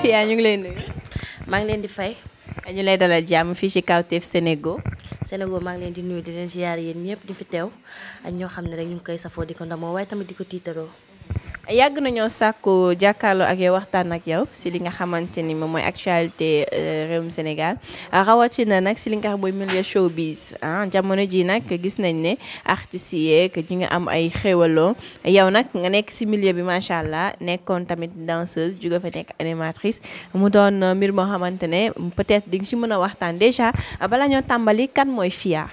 Fia ñu ngi lay nuyu. maa ngi leen di fay. ñu lay dalal jàmm fii ci Kawtef Sénégo. Sénégo maa ngi leen di nuyu di leen ziar yéen ñëpp di fi teew ak ñoo xam ne rek ñu ngi koy safoo di ko ndamoo waaye tamit di ko tiitaroo. yàgg nañoo sàkku jàkkaarloo ak yow waxtaan ak yow si li nga xamante ni moom mooy actualité euh, réewum Sénégal rawatina nag si li nga xam mooy milieu showbiz ah jamono ji nag gis nañ ne artistes yeeg ñu ngi am ay xéwaloo yow nag nga nekk si milieu bi macha allah nekkoon tamit danseuse juga fa nekk animatrice mu doon euh, mbir moo xamante ne peut-être di nga si mën a waxtaan déjà balaa ñoo tàmbali kan mooy Fia.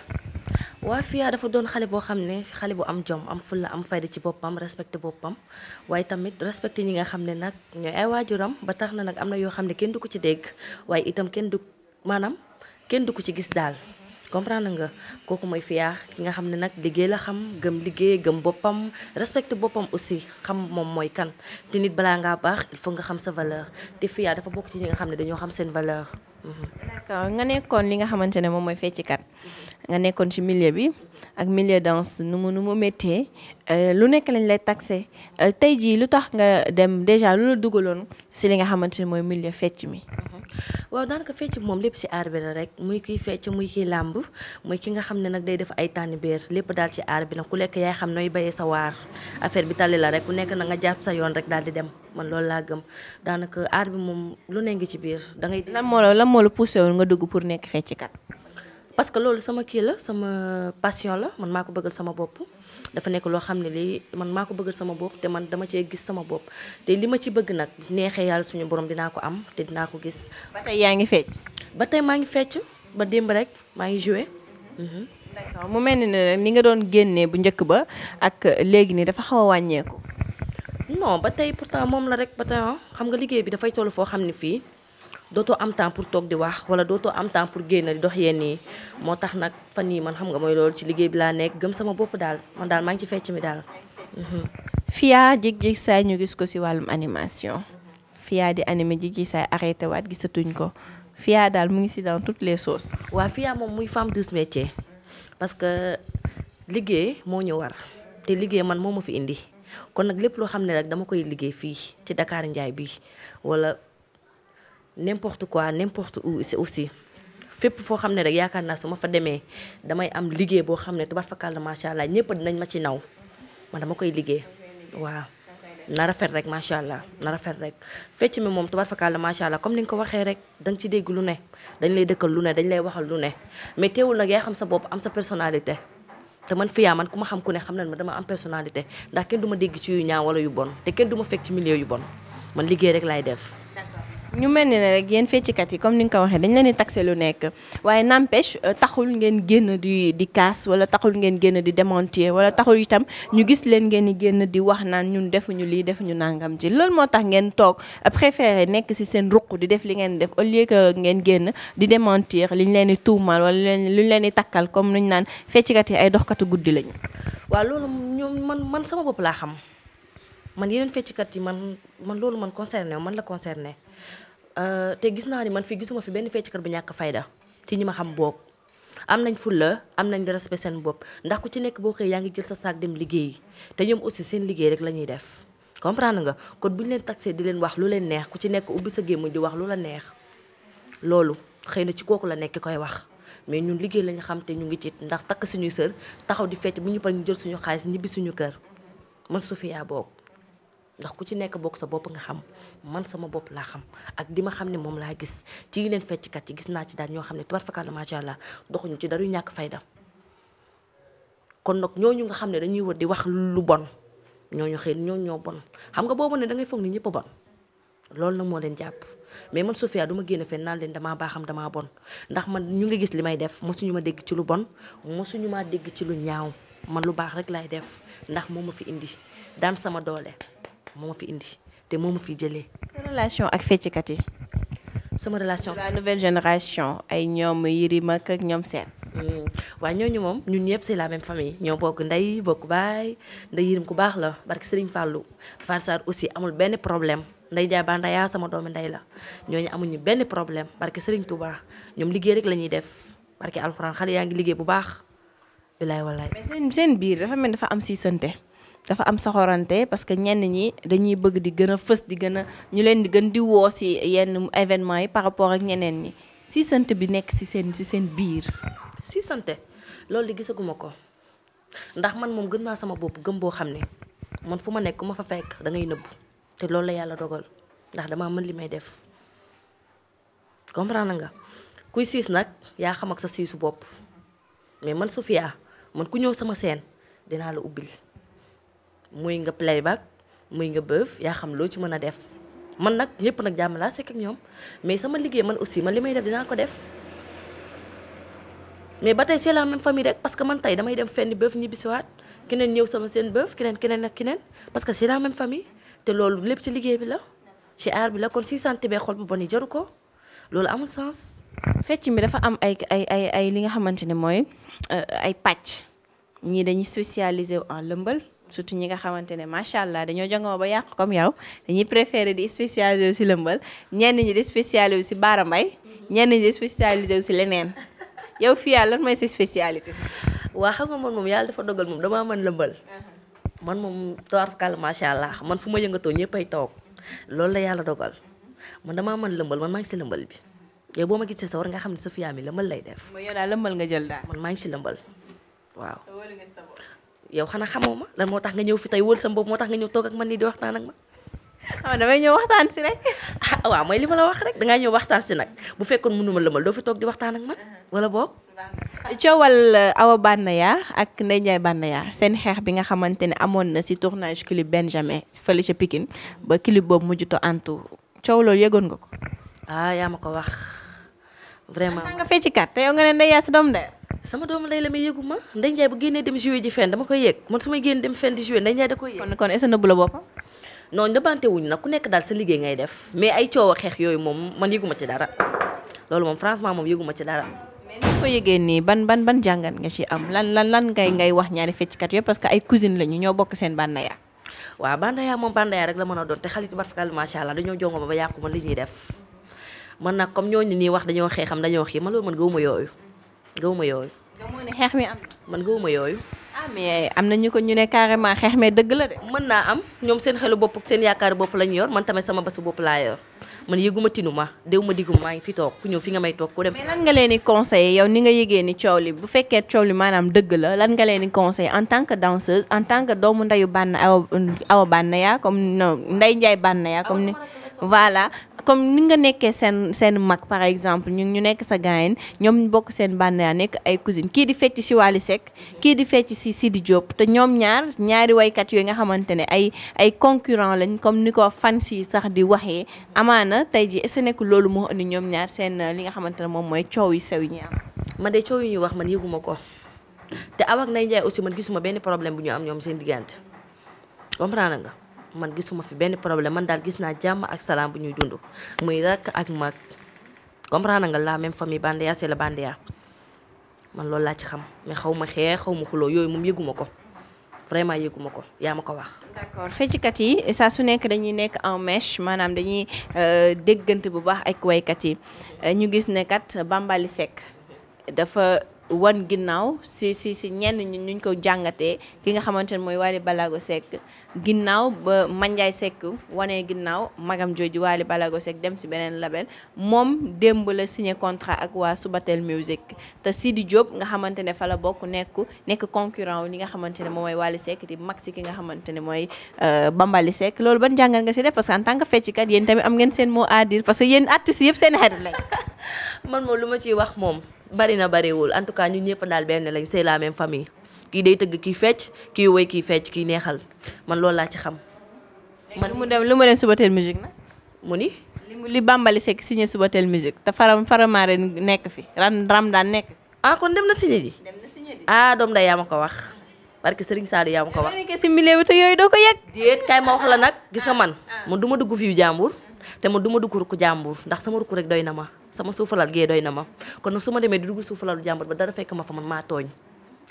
waa Fia dafa doon xale boo xam ne xale bu am jom am fulla am fayda ci boppam respecté boppam waaye tamit respecté ñi nga xam ne nag ñooy ay waajuram ba tax na nag am na yoo xam ne kenn du ko ci dégg waaye itam kenn du maanaam kenn du ko ci gis daal comprend nga kooku mooy Fia ki nga xam ne nag liggéey la xam gëm liggéey gëm boppam respecté boppam aussi xam moom mooy kan te nit balaa ngaa baax il faut nga xam sa valeur te Fia dafa bokk ci ñi nga xam ne dañoo xam seen valeur d'accord nga nekkoon li nga xamante ne moom mooy fecc kat nga nekkoon ci millier bi ak milieu dance nu mu nu mu méttee euh, lu nekk lañ lay taxé euh, tey jii lu tax nga dem déjà lu la dugaloon si li nga xamante ne mooy milieu fecc mi. waaw daanaka fecc moom lépp ci aar bi la rek muy kiy fecc muy kiy làmb muy ki nga xam ne nag day def ay tànni biir lépp daal ci aar bi nag ku lekk yaay xam nooy bayee sa waar affaire bi tali la rek ku nekk na nga jàpp sa yoon rek daal di dem man loolu laa gëm daanaka aar bi moom lu ne ngi ci biir dangay lan moo la lan moo la poussé woon nga dugg pour nekk fecckat. parce que loolu sama kii la sama passion la man maa ko bëggal sama bopp. dafa nekk loo xam ne lii man maa ko bëggal sama bopp te man dama cee gis sama bopp te li ma ci bëgg nag neexee yàlla suñu borom dinaa ko am te dinaa ko gis. ba tey yaa ngi fecc. ba tey maa ngi fecc ba démb rek maa ngi joué. Mhm. d'accord mu mel ni ne ni nga doon génnee bu njëkk ba ak léegi nii dafa xaw a wàññeeku. non ba tey pourtant moom la rek ba tey ah, xam nga liggéey bi dafay toll foo xam ne fii. dootoo am temps pour toog di wax wala dootoo am temps pour génn di dox yenn yi moo tax nag fan yii man xam nga mooy loolu ci liggéey bi laa nekk gëm sama bopp daal man daal maa ngi ci fecc mi daal. Mhm. Fia Jig Jig Saay ñu gis ko ci wàllum animation Fia di animé Jig Jig Saay arrêté waat gisatuñ ko Fia daal mu ngi ci dans toutes les sauces. waa Fia moom muy femme douce métier parce que liggéey moo ñu war te liggéey man moo ma fi indi kon nag lépp loo xam ne rek dama koy liggéey fii ci dakaar Ndiaye bii wala. n'importe quoi n'importe où aussi fépp foo xam ne rek yaakaar naa su ma fa demee damay am liggéey boo xam ne tubarfakal la macha allah ñëpp dinañ ma ci naw man dama koy liggéey waaw. na rafet rek macha allah na rafet rek fecc mi moom tubarfakal la macha allah comme ni nga ko waxee rek da nga ci dégg lu ne dañ lay dëkkal lu ne dañ lay waxal lu ne mais teewul nag yaa xam sa bopp am sa personnalité. te man fiyaa man ku ma xam ku ne xam nañ ma dama am personnalité ndax kenn du ma dégg ci wala yu bon te kenn du ma fekk ci milieu yu bon man liggéey rek laay def. ñu mel ni ne rek yéen feccikat yi comme ni nga ko waxee dañ leen di taxé lu nekk waaye n'empêche euh, taxul ngeen génn di di kaas wala taxul ngeen génn di démentir wala taxul itam ñu gis leen ngeen di génn di wax naan ñun defuñu lii defuñu nangam ci loolu moo tax ngeen toog euh, préféré nekk si seen ruq di def li ngeen def au lieu que ngeen génn di démentir liñ leen di tuumal wala liñ leen di takkal comme ñu naan feccikat yi ay doxkatu guddi lañu. waa man man sama bopp laa xam man yeneen feccikat yi man man loolu man concerné man la concerné. Euh, te gis naa ni man fi gisuma fi benn kër bu ñàkk fayda ci ñu ma xam boog am nañ fulla am nañ respect seen bopp ndax ku ci nekk boo xëy yaa ngi jël sa saak dem liggéey te ñoom aussi seen liggéey rek la ñuy def comprendre nga kon bu ñu leen taxé di leen wax lu leen neex ku ci nekk ubbi sa gémmiñ di wax lu la neex loolu xëy na ci kooku la nekk koy wax mais ñun liggéey lañu xam te ñu ngi ci ndax takk suñuy sër taxaw di fecc bu ñu par ñu jël suñu xaalis ñibbi suñu kër man Sofia boobu ndax ku ci nekk bokk sa bopp nga xam man sama bopp laa xam ak di ma xam ne moom laa gis ci yeneen fecckat yi gis naa ci daal ñoo xam ne tubarfakala macha allah doxuñu ci dara ñàkk fayda kon nag ñooñu nga xam ne dañuy wër di wax lu bon ñooñu xëy ñooñu ñoo bon xam nga boobu ne da ngay foog ni ñëpp bon loolu nag moo leen jàpp mais man Sofia du ma génn fenn naan leen damaa baaxam damaa bon ndax man ñu ngi gis li may def mosuñu ma dégg ci lu bon mosuñu maa dégg ci lu ñaaw man lu baax rek laay def ndax moom ma fi indi daan sama doole. moo ma fi indi te moom ma fi jëlee. sa ak fecckat yi. sama relation la ay ñoom Yirim ak ak ñoom seen. Hmm. waaw ñooñu moom ñun ñëpp c'est la même famille ñoo bokk ndey bokk baay ndey Yirim ku baax la barke Serigne Fallou Far Sarr aussi amul benn problème ndey jaay ba ndeyaa sama doomi ndey la ñooñu amuñu benn problème barke Serigne Touba ñoom liggéey rek la ñuy def barke alxuraan xale yaa ngi liggéey bu baax bilaay walaay. mais seen seen biir dafa mel dafa am siisante. dafa am soxorante parce que ñenn ñi dañuy bëgg di gën a fës di gën a ñu leen di gën di woo si yenn événement yi par rapport ak ñeneen ñi si sant bi nekk si seen si seen biir. si sant loolu di gisaguma ko ndax man moom gën naa sama bopp gëm boo xam ne man fu ma nekk ku ma fa fekk dangay ngay te loolu la yàlla dogal ndax damaa mën li may def comprendre nga kuy siis nag yaa xam ak sa siisu bopp mais man Sofia man ku ñëw sama seen dinaa la ubbil. muy nga playback muy nga bëf yaa xam loo ci mën a def man nag ñëpp nag jàmm laa ak ñoom mais sama liggéey man aussi man li may def dinaa ko def mais ba tey c'est la même famille rek que man damay dem fenn bëf ñibbisiwaat keneen ñëw sama seen bëf keneen keneen ak keneen parce que c'est la même te loolu lépp ci liggéey bi la ci aar bi la kon si santé bee xol bu bon yi jaru ko loolu amul sens. fecc mi dafa am ay ay ay ay li nga xamante ne mooy euh, ay pàcc ñii dañuy spécialisé en lëmbal. surtout ñi nga xamante ne macha allah dañoo jongoma ba yàq comme yow dañuy préféré di spécialisé si lëmbal ñenn ñi di spécialisé si baara mbay mhm. ñenn ñi di spécialisé si leneen yow fii yàlla lan mooy sa spécialité. waa xam nga man moom yàlla dafa dogal moom damaa mën lëmbal. Uh-huh. man moom tawarkal macha allah man fu ma yëngatoo ñëppay toog loolu la yàlla dogal man damaa mën lëmbal man maa si lëmbal bi yow boo ma gisee sa war nga xam ne sa Sofia mi lëmbal lay def. mooy yow daal lëmbal nga jël daal. man maa si lëmbal waaw. yow xanaa xamoo ma lan moo tax nga ñëw fi tey wël ma. Ah, damay ñëw waxtaan si rek. Ah, la wax rek ñëw waxtaan si nag bu fekkoon mënu ma lëmal doo fi toog di waxtaan ak man wala boog. coowal uh, Awa Banaya ak Ndeye Ndiaye yaa seen xeex bi nga xamante ne amoon na si tournage clip Benjamin fële ca Pikine ba clip boobu mujjuto antu coow loolu yëgoon nga ko. ah yaa ma ko wax vraiment. nga feccikat te yow nga ne sama doomu lay la may yëgu ma Ndeye Ndiaye bu génnee dem joué ji fenn dama koy yëg man su may génn dem fenn di joué Ndeye Ndiaye da koy yëg. kon kon est-ce nekk daal sa ngay def mais ay coow ak xeex yooyu moom man yëgu ma ci moom franchement moom yëgu ma ci dara. mais ni ko yëgee ban ban nga ci am lan lan lan ngay ngay wax ñaari fecckat yooyu parce que ay cousine lañu ñoo bokk seen bànnaya. waaw bànnaya moom bànnaya rek la mën a doon te xalit barfakal macha allah dañoo jongo ba yàqu ma li def man nag comme ñooñu nii wax dañoo xeexam dañoo xii man loolu man gëwuma yooyu gëwuma yooyu. gëwuma ne xeex yooyu. Ah, mais am na ñu ko ñu ne carrément xeex mais dëgg la de. mën naa am ñoom seen xelu bopp seen yaakaar bopp lañu yor man tamit sama basu bopp laa yor man yëguma tinuma déwuma diguma maa ngi fi toog ku ñëw fi nga may toog ku dem. mais lan nga leen di conseiller yow ni nga yëgee la lan nga leen di conseiller en tant que danseuse en tant que doomu ndeyu bànn awa awa bànn yaa comme no nday njaay bànn yaa comme ni voilà comme ni nga nekkee seen seen mag par exemple ñu ñu nekk sa gaayen ñoom ñu bokk seen bànd yaa nekk ay cousine kii di fecc si Wally Seck kii di fecc si di Diop te ñoom ñaar ñaari woykat yooyu nga xamante ne ay ay concurrent lañ comme ni ko fan yi sax di waxee amaana tey ji est-ce nekk loolu moo indi ñoom ñaar seen euh, li nga xamante ne moom mooy coow yi sew yi ñu am man de coow yu ñuy wax man yëguma ko te awak nay njaay aussi man gisuma benn problème bu ñu am ñoom seen diggante comprendre nga man gisuma fi benn problème man daal gis naa jàmm ak salaam bu ñuy dund muy rakk ak mag comprendre nga la même famille Bandeya c'est la Bandeya man loolu laa ci xam mais xaw ma xeex xaw ma xuloo yooyu moom yëguma ko vraiment yëguma ko yaa ma ko wax. d'accord feccikat yi saa su nekk dañuy nekk en mèche maanaam dañuy euh, déggante bu baax ak waykat yi euh, ñu gis ne kat Bambaly Seck dafa. wan ginnaaw si si ñenn ñi ñu ko jàngatee ki nga xamante ne mooy Wally Ballago Seck ginnaaw ba Mandiaye Seck wanee ginnaaw magam jooju Wally Ballago Seck dem si beneen label moom démb la signé contrat ak waa suba Subatel Music te Sidi Diop nga xamante ne fa la bokk nekk nekk concurrent wu li nga xamante ne moom mooy Wally Seck di mag si ki nga xamante ne mooy euh, Bambali Seck loolu ban jàngat nga si def parce que en tant feccikat yéen tamit am ngeen seen mot à dire parce que yéen artistes yëpp seen xarit lañ man lu ma ciy wax moom bari na bariwul en tout cas ñun ñëpp daal benn lañ c'est la même famille kii dey tëgg kii fecc kii woy kii fecc kii neexal man loolu laa ci xam. man mu dem lu mu dem Subatel musique na mu ni. li Bambaly Seck signé Subatel musique te faram faramaare nekk fi ram ram daan nekk. ah kon dem na signé dem na signé ji ah doom day ko wax. parce que Serigne Sadou yaa ko wax. si milieu yooyu doo ko nag gis nga man. Ah. man du dugg fii jàmbur. te man duma dugg rukk jàmbur ndax sama rukk rek doy na ma. sama suufalal gee doy na ma kon nag su ma demee di dugg suufalalu jàmbur ba dara fekk ma fa man maa tooñ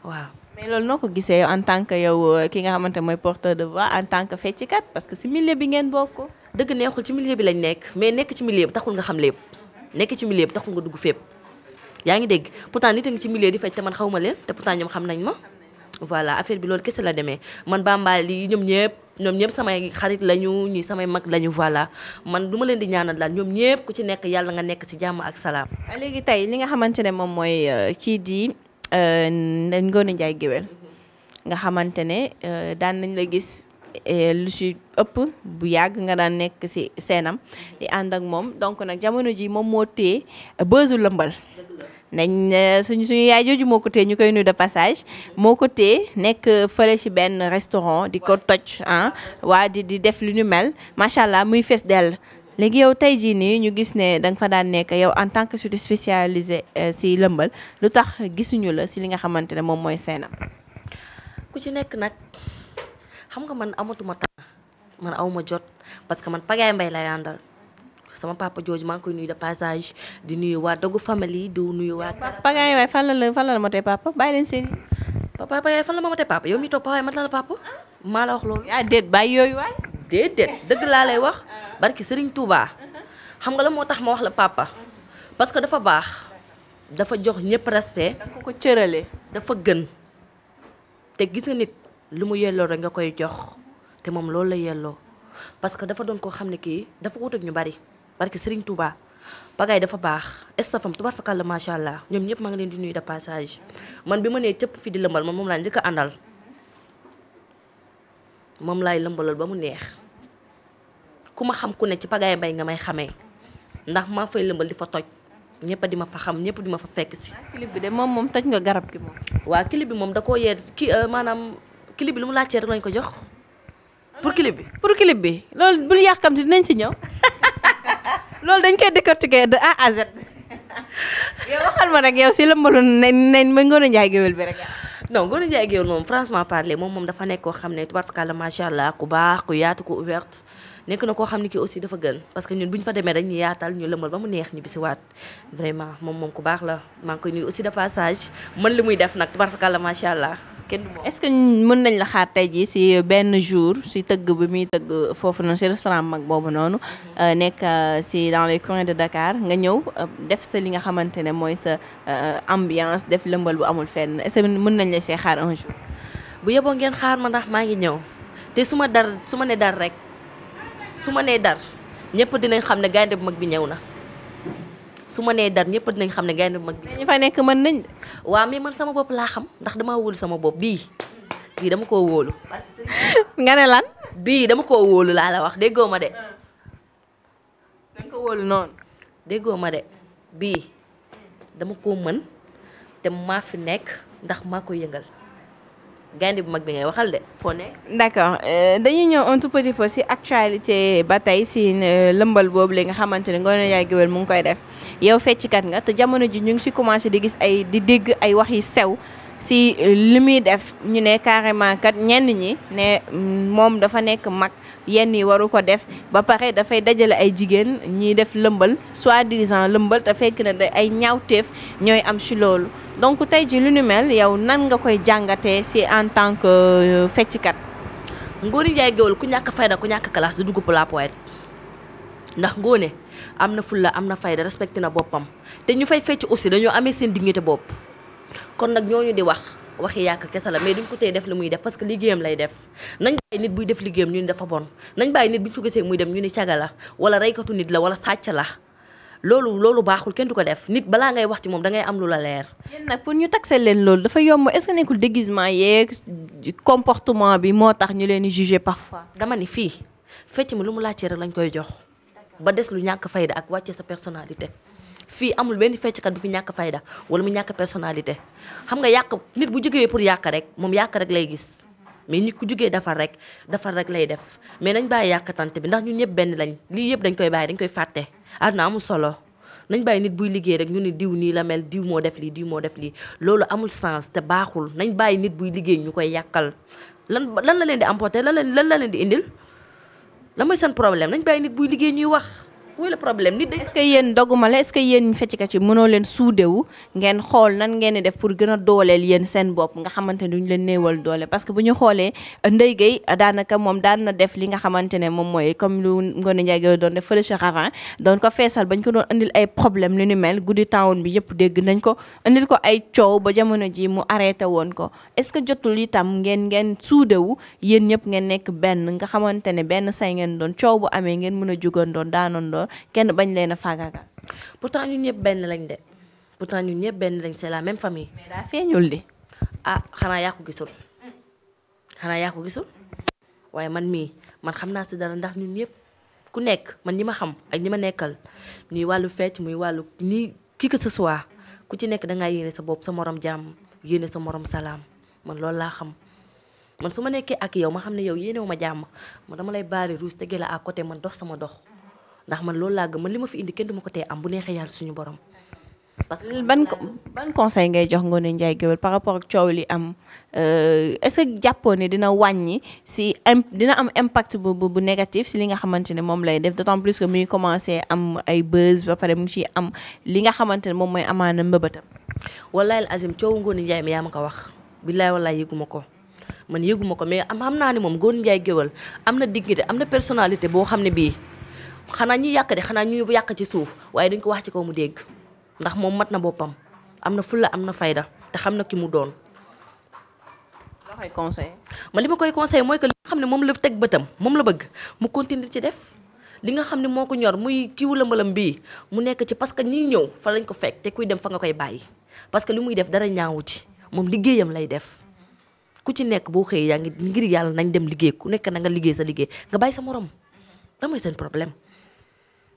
waaw. mais loolu noo ko gisee en tant que yow euh, ki nga xamante mooy porteur de voix en tant que fecckat parce que si milieu bi ngeen bokk. dëgg neexul ci milieu bi lañ nekk mais nekk ci milieu bi taxul nga xam lépp nekk ci milieu bi taxul nga dugg fépp. yaa ngi dégg pourtant nit a ngi ci milieu di fecc te man xaw ma leen te pourtant ñoom xam nañ ma voilà bi loolu kese la demee man bàmbaal yi ñoom ñëpp. ñoom ñëpp samay xarit lañu ñii samay mag lañu voilà man duma leen di ñaanal daal ñoom ñëpp ku ci nekk yàlla nga nekk ci jàmm ak salaam. léegi tey li nga xamante ne moom mooy euh, kii di euh, Ngoné Ndiaye Guewel nga xamante ne euh, daan nañ la gis lu si ëpp bu yàgg nga daan nekk ci seenam di ànd ak moom donc nag jamono ji moom moo téye bësu lëmbal. nañ euh, suñu suñu yaay jooju moo ko tee ñu koy nuyu de passage moo ko tee nekk fële ci benn restaurant di ko toj ah waa di di def lu ñu mel macha allah muy fees dell léegi yow tey jii nii ñu gis ne da fa daan nekk yow en tant que suñu spécialisé ci euh, lëmbal lu tax gisuñu la ci li nga xamante ne moom mooy seenam ku ci nekk nag xam nga man amatuma temps man awma jot parce que man pagaay mbay lay àndal sama papa jooju maa koy nuyu de passage di nuyu waa dogu famille di nuyu waa. papa nga waay fan la la fan la la bàyyi leen seen papa papa yaay fan la ma motee papa yow mi toog papa yaay la la maa la wax loolu. ah déet bàyyi yooyu dëgg laa lay wax barki Serigne Touba xam nga la moo tax ma wax la papa parce que dafa baax dafa jox ñëpp respect. da ko cërale dafa gën te gis nit lu mu yelloo rek nga koy jox te moom loolu la yelloo parce que dafa doon koo xam ne kii dafa wut ak ñu bari. parce que Serigne Touba bagaay dafa baax estafam tubarfakalla macha allah ñoom ñëpp maa ngi leen di nuyu de passage man bi ma nee cëpp fi di lëmbal man moom laa njëkk a àndal moom laay lëmbalal ba mu neex ku ma xam ku ne ci pagaay mbay nga may xamee ndax maa fay lëmbal di fa toj ñëpp di ma fa xam ñëpp di ma fa fekk si. clip bi de moom moom toj nga garab gi moom. waa clip bi moom da koo yee ki euh, maanaam clip bi lu mu laajtee rek lañ ko jox pour clip bi. pour bi loolu bul si ñëw. loolu dañ koy décortiquer de A à Z yow waxal ma rek yow si lëmbalu nañ nañ ma Ngoné bi rek non Ngoné Ndiaye géwél moom franchement parler moom moom dafa nekk koo xam ne tubarfakala macha allah ku baax ku yaatu ku ouverte nekk na koo xam ne kii aussi dafa gën parce que ñun bu fa demee dañu yaatal ñu lëmbal ba mu neex ñu bisiwaat vraiment moom moom ku baax la maa ngi koy aussi de passage mën li muy def nag tubarfakala macha allah kenn est-ce que mën nañ la xaar tey jii si benn jour si tëgg bi muy tëgg foofu noonu si restaurant mag boobu noonu. Euh, nekk euh, si dans les coins de Dakar nga ñëw euh, def sa li nga xamante ne mooy sa ambiance def lëmbal bu amul fenn est-ce que mën nañ la see xaar un jour. bu yeboo ngeen xaar ma ndax maa ngi ñëw te su ma dar su ma ne dar rek su ma nee dar ñëpp dinañ xam ne gaynde bu mag bi ñëw na. su ma nee dar ñëpp nañ xam ne gaynde bu mag bi ñu fa nekk mën nañ waaw mais man sama bopp laa xam ndax damaa sama bopp bii bii dama koo wóolu nga ne dama koo wóolu laa la wax déggoo de danga ko déggoo ma bii dama koo mën te maa fi nekk ndax maa ko yëngal gaynde bu mag bi ngay waxal de d'accord euh, dañuy ñëw un tout petit si actualité ba tey si euh, lëmbal boobu li nga xamante ni Ngoné yaay Guèweul mu ngi koy def yow fecckat nga te jamono ji ñu ngi si commencé di gis ay di dégg ay wax yi sew si euh, li muy def ñu ne carrément kat ñenn ñi ne mm, moom dafa nekk mag yenn yi waru ko def ba pare dafay dajale ay jigéen ñiy def lëmbal soi-disant lëmbal te fekk na da ay ñaawteef ñooy am si loolu donc tey ji lu nu mel yow nan nga koy jàngatee si en tant que euh, fecckat Ngoné Ndiaye Géwël ku ñàkk fayda ku ñàkk classe du dugg pour ndax Ngoné am na ful la am na fayda respecté na boppam te ñu fay fecc aussi dañoo amee seen dignité bopp kon nag ñooñu di wax waxi yàq kese la mais duñ ko def li muy def parce que liggéeyam lay def nañ nit buy def liggéeyam ñu ni dafa bon nañ nit bu ñu muy dem ñu ni caga la wala reykatu nit la wala sàcc la loolu loolu baaxul kenn du ko def nit balaa ngay wax ci moom da ngay am lu la leer. yéen nag pour ñu taxé leen loolu dafa yomb est-ce que nekkul bi moo tax ñu leen di juger parfois. dama ni fii fecc mi lu mu laajte lañ koy jox. ba des lu ñàkk fayda ak wàcce sa personnalité fii amul benn fecckat bu fi ñàkk fayda wala mu ñàkk personnalité xam nga yàq nit bu jógee pour yàq rek moom yàq rek lay gis mais nit ku jógee defar rek defar rek lay def mais nañ bàyyi yàqatante bi ndax ñun ñëpp benn lañ lii yëpp dañ koy bàyyi dañ koy fàtte àdduna amul solo nañ bàyyi nit buy liggéey rek ñu ne diw nii la mel diw moo def lii diw moo def lii loolu amul sens te baaxul nañ bàyyi nit buy liggéey ñu koy yàqal lan lan la leen di emporter lan la lan la leen di indil lama mooy seen problème nañ bàyyi nit buy liggéey ñu wax. mooy le problème nit. est-ce que yéen doguma la est-ce que yéen feccikat yi mënoo leen suudewu ngeen xool nan ngeen di def pour gën a dooleel yéen seen bopp nga xamante ne duñ leen néewal doole parce que ñu xoolee Ndeye Gueye daanaka moom daan na def li nga xamante ne moom mooy comme lu Ngoné Ndiaye doon def fële ko feesal bañ ko doon indil ay problème ni mel guddi tawoon bi yëpp dégg nañ ko indil ko ay ba jamono ji mu arrêté woon ko est-ce que jotul tam ngeen ngeen suudewu yéen ñëpp ngeen nekk benn nga xamante ne benn say ngeen doon coow bu amee ngeen mën a jugoon doon daanoon kenn bañ leen a faagaagal. pourtant ñun ñëpp benn lañ de pourtant ñun ñëpp benn lañ c'est la même famille. mais daa feeñul di. ah xanaa yàqu ko gisul xanaa waaye man mii man xam naa si dara ndax ñun ñëpp ku nekk man ñi ma xam ak ñi ma nekkal ñuy wàllu fecc muy wàllu nii kii ko sa soit ku ci nekk da ngaa yéene sa bopp sa morom jàmm yéene sa morom salaam man loolu laa xam. man su ma nekkee ak yow ma xam ne yow yéenewu ma jàmm man dama lay baari ruus te gële à côté man dox sama dox ndax man loolu laa gëm man li ma fi indi kenn du ma ko tee am bu neexee yàlla suñu borom. parce que ban ban conseil ngay jox Ngoné Ndiaye Guèweul par rapport ak coow li am euh, est-ce que jàppoo ne dina wàññi si dina am impact bu bu négatif si li nga xamante ne moom lay def d'autant plus que muy commencé am ay buzz ba pare mu ngi ciy am li nga xamante ne moom mooy amaana mbëbëtam. wallaay al azim coowu Ngoné Ndiaye mi yaa ma ko wax billaay wallaay yëgu ma ko man yëgu ma ko mais am xam naa ne moom Ngoné Ndiaye Guèweul am na dignité am na personnalité boo xam ne bii. xanaa ñuy yàq de xanaa ñu yàq ci suuf waaye dañ ko wax ci kaw mu dégg ndax moom mat na boppam am na la am na fayda te xam na ki mu doon. loo koy conseillé. li ma koy conseil mooy que li xam ne moom la teg bëtam moom la bëgg mu continuer ci def li nga xam ne moo ko ñor muy kii mbalam bii mu nekk ci parce que ñiy ñëw fa lañ ko fekk te kuy dem fa nga koy bàyyi parce que li muy def dara ñaawu ci moom liggéeyam lay def. ku ci nekk boo xëyee yaa ngi ngir yàlla nañ dem liggéey ku nekk na nga liggéey sa liggéey nga bàyyi sa morom da mooy seen problème.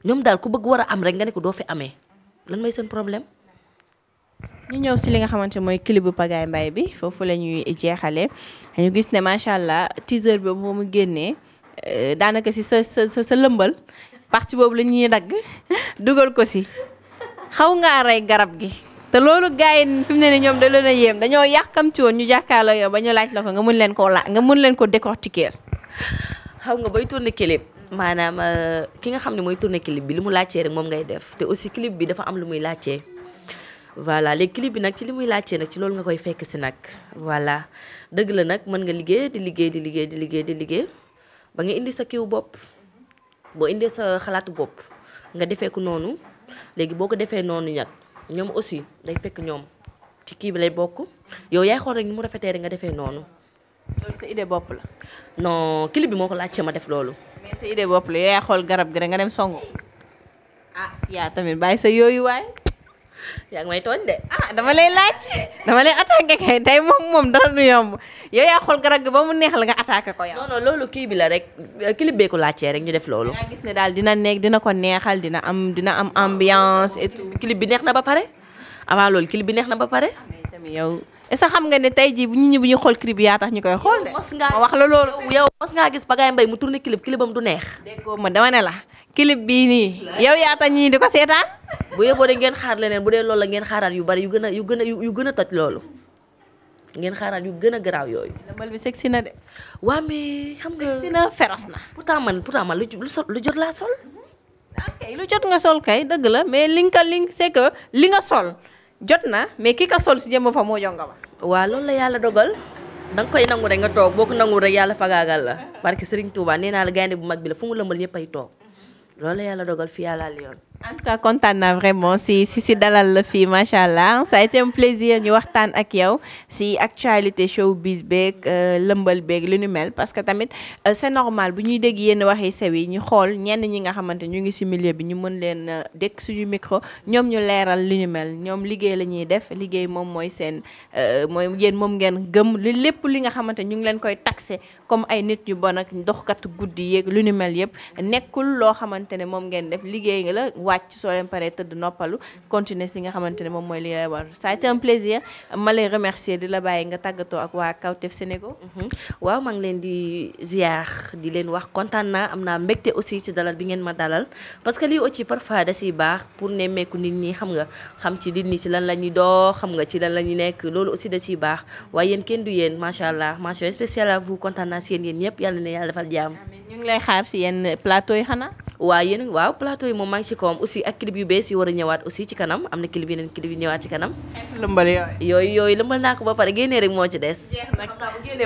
ñoom daal ku bëgg war a am rek nga ne ko doo fi amee lan mooy seen problème. ñu ñëw si li nga xamante mooy clip pagaay Pagaye bi foofu la ñuy jeexalee gis ne macha allah teaser bi boobu mu génnee euh, daanaka si sa sa sa lëmbal partie boobu la ñuy dagg dugal ko si xaw ngaa rey garab gi. te loolu gars yi fi mu ne ni ñoom da leen a yéem dañoo yàkkamti woon ñu jàkkaarloo yow ba ñu laaj la ko nga mun leen koo la nga mun leen ko décortiquer. xaw nga bay tourner clip. maanaam euh, ki nga xam ne mooy turne clip bi li mu laajtee rek moom ngay def te aussi clip bi dafa am lu muy laajtee voilà léegi clip bi nag ci li muy laajtee nag ci loolu nga koy fekk si nag voilà dëgg la nag mën nga liggéey di liggéey di liggéey di liggéey di liggéey ba nga indi sa kiw bopp boo indee sa xalaatu bopp nga defee ko noonu léegi boo ko defee noonu nag ñoom aussi day fekk ñoom ci kii bi lay bokk yow yaay xool rek ñu mu rafetee rek nga defee noonu loolu sa idée bopp la. non clip bi moo ko laaj laajte ma def loolu. mais sa idée bopp la yaa xool garab gi rek nga dem songu. ah yaa tamit bàyyi sa yooyu waay. yaa ngi may tooñ de. ah dama lay laaj dama lay attaqué kay moom moom dara du yomb yaa xool garab gi ba mu neex la nga ko yow. loolu kii bi la rek clip bee ko laajtee rek ñu def loolu. yaa gis ne daal dina nekk dina ko neexal dina am dina am ambiance et tout. bi neex na ba pare avant loolu clip bi neex na ba pare. Ah, mais tamit yow. est-ce xam nga ne tey jii bu nit ñi bu ñuy xool yaa tax ñu koy xool de ma wax la loolu yow mos ngaa gis Pagaye Mbaye mu tourné clip clipam du neex déggoo ma la clip bii nii yow yaa tax ñi di ko seetaan bu yeboo de ngeen xaar leneen bu dee lool la ngeen xaaraat yu bari yu gën a yu gën a yu gën a toj loolu ngeen xaaral yu gën a garaaw yooyu lëmbal bi sexy na de waa mais xam nga sexy na féroce na pourtant man pourtant man lu sol lu jot laa sol ok ah, lu jot nga sol kay dëgg la mais li nga li c'est li nga sol jot na mais ki ka sol si jëm fa moo jonga ma waaw lool la yàlla dogal da koy nangu rek nga toog boo ko nangu rek yàlla fagaagal la parce que Serigne Touba nee naa la gaynde bu mag bi la fu mu lëmbal ñëpp ay toog mm-hmm. loolu la yàlla dogal fi yàlla yoon en tout naa vraiment si si si dalal la fii macha allah ça a été un plaisir ñu waxtaan ak yow si actualité showbiz beeg euh, lëmbal beeg lu nu mel parce que tamit euh, c'est normal bu ñuy dégg yenn yi sew yi ñu xool ñenn ñi nga xamante ñu ngi si milieu bi ñu mën leen euh, dégg suñu micro ñoom ñu leeral lu ñu mel ñoom liggéey la ñuy def liggéey moom mooy seen mooy yéen moom ngeen gëm li lépp li nga xamante ñu ngi leen koy taxé comme ay nit ñu bon ak kat guddi yeeg lu nu mel yëpp nekkul loo xamante ne moom ngeen def liggéey la. wàcc soo leen paree tëdd noppalu continuer si nga xamante ne moom mooy li lay war ça a été di la bàyyi nga tàggatoo ak waa Kawtef Sénégal. Mhm. waaw maa ngi leen di ziar di leen wax kontaan am naa mbégte aussi ci dalal bi ngeen ma dalal parce que lii aussi parfois da siy baax pour xam nga xam ci nit ñi lan la ñuy doo xam nga ci lan la ñuy nekk loolu aussi da siy baax waaye yéen kenn du yéen macha allah mention spéciale à vous kontaan naa ñëpp yàlla na yàlla defal jàmm. lay xaar si yenn plateau yi xanaa. waa yéen waaw plateau yi moom maa ngi si koom aussi ak clip yu bees yi war a ñëwaat ci kanam am na clip yeneen clip yu ñëwaat ci kanam lëmbal yooyu yooyu lëmbal naa ko ba pare génnee rek moo ci des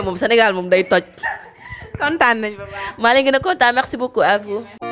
moom Sénégal moom day toj kontaan nañ ba baax maa leen gën kontaan merci beaucoup à vous